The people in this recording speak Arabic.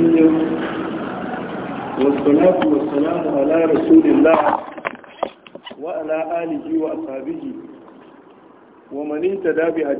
وسلم والصلاة والسلام على رسول الله وعلى آله وأصحابه ومن اهتدى بهديه